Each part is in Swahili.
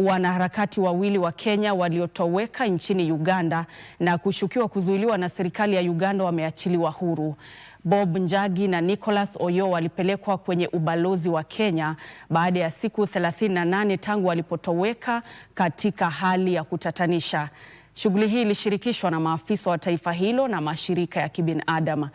wanaharakati wawili wa Kenya waliotoweka nchini Uganda na kushukiwa kuzuiliwa na serikali ya Uganda wameachiliwa huru. Bob Njagi na Nicholas Oyo walipelekwa kwenye ubalozi wa Kenya baada ya siku 38 tangu walipotoweka katika hali ya kutatanisha. Shughuli hii ilishirikishwa na maafisa wa taifa hilo na mashirika ya kibinadamu.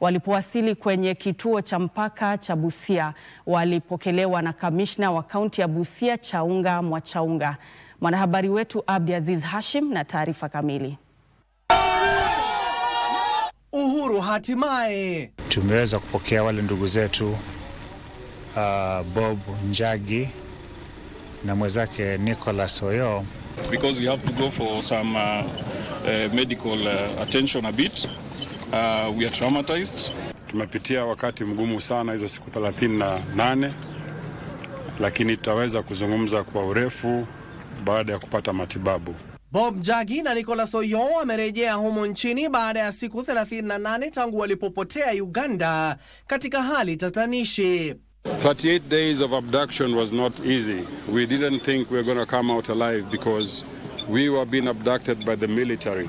Walipowasili kwenye kituo cha mpaka cha Busia, walipokelewa na kamishna wa kaunti ya Busia Chaunga Mwachaunga. Mwanahabari wetu Abdi Aziz Hashim na taarifa kamili. Uhuru hatimaye, tumeweza kupokea wale ndugu zetu uh, Bob Njagi na mwenzake Nicholas Oyoo because we have to go for some uh, uh, medical uh, attention a bit. Uh, we are traumatized. Tumepitia wakati mgumu sana hizo siku 38 lakini tutaweza kuzungumza kwa urefu baada ya kupata matibabu. Bob jagi na Nicolas Oyo wamerejea humo nchini baada ya siku 38 tangu walipopotea Uganda katika hali tatanishi. 38 days of abduction was not easy. We didn't think we were going to come out alive because we were being abducted by the military.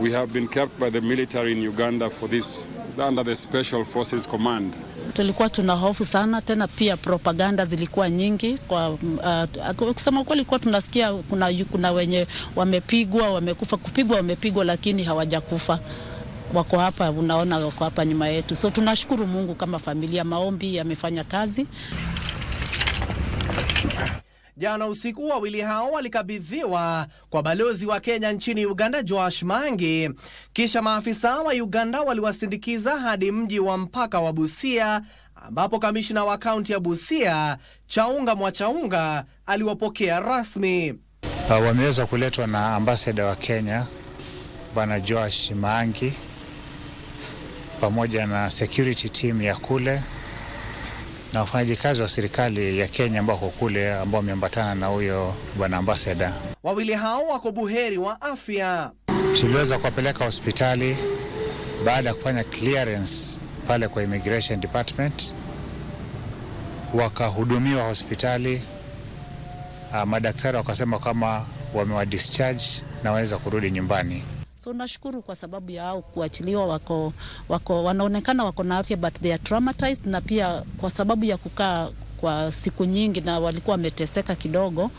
We have been kept by the military in Uganda for this under the Special Forces Command. Tulikuwa tuna hofu sana, tena pia propaganda zilikuwa nyingi kwa uh, kusema kweli kwa tunasikia kuna, kuna wenye wamepigwa wamekufa kupigwa wamepigwa, lakini hawajakufa wako hapa, unaona wako hapa nyuma yetu, so tunashukuru Mungu kama familia, maombi yamefanya kazi. Jana usiku wawili hao walikabidhiwa kwa balozi wa Kenya nchini Uganda Joash Mangi, kisha maafisa wa Uganda waliwasindikiza hadi mji wa mpaka wa Busia ambapo kamishna wa kaunti ya Busia Chaunga Mwachaunga aliwapokea rasmi. Ah, wameweza kuletwa na ambasada wa Kenya Bwana Joash Mangi pamoja na security team ya kule na wafanyajikazi wa serikali ya Kenya ambao wako kule ambao wameambatana na huyo bwana ambasada. Wawili hao wako buheri wa afya. Tuliweza kuwapeleka hospitali baada ya kufanya clearance pale kwa immigration department, wakahudumiwa hospitali. Ah, madaktari wakasema kama wamewadischarge na waweza kurudi nyumbani. So nashukuru kwa sababu ya hao kuachiliwa, wako, wako, wanaonekana wako na afya but they are traumatized, na pia kwa sababu ya kukaa kwa siku nyingi na walikuwa wameteseka kidogo,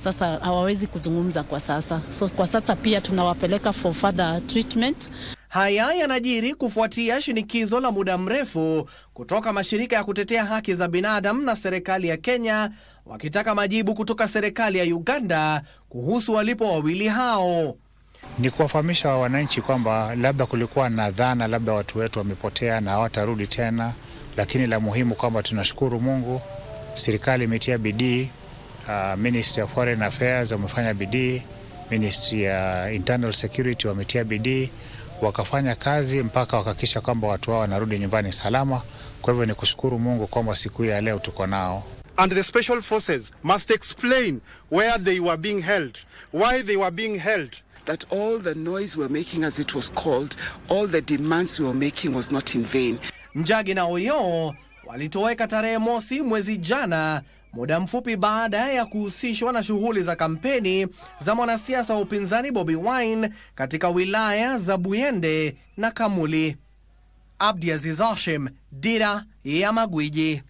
sasa hawawezi kuzungumza kwa sasa. So kwa sasa pia tunawapeleka for further treatment. Haya yanajiri kufuatia shinikizo la muda mrefu kutoka mashirika ya kutetea haki za binadamu na serikali ya Kenya wakitaka majibu kutoka serikali ya Uganda kuhusu walipo wawili hao. Ni kuwafahamisha wananchi kwamba labda kulikuwa na dhana labda watu wetu wamepotea na hawatarudi tena, lakini la muhimu kwamba tunashukuru Mungu, serikali imetia bidii. Uh, Ministry of Foreign Affairs wamefanya bidii, Ministry ya uh, Internal Security wametia bidii, wakafanya kazi mpaka wakahakikisha kwamba watu wao wanarudi nyumbani salama. Kwa hivyo ni kushukuru Mungu kwamba siku hii ya leo tuko nao. And the special forces must explain where they were being held, why they were being held that all the noise we were making as it was called, all the demands we were making was not in vain. Njagi na Oyoo walitoweka tarehe mosi mwezi jana, muda mfupi baada ya kuhusishwa na shughuli za kampeni za mwanasiasa wa upinzani Bobi Wine katika wilaya za Buyende na Kamuli. Abdi Aziz Hashim, Dira ya Magwiji.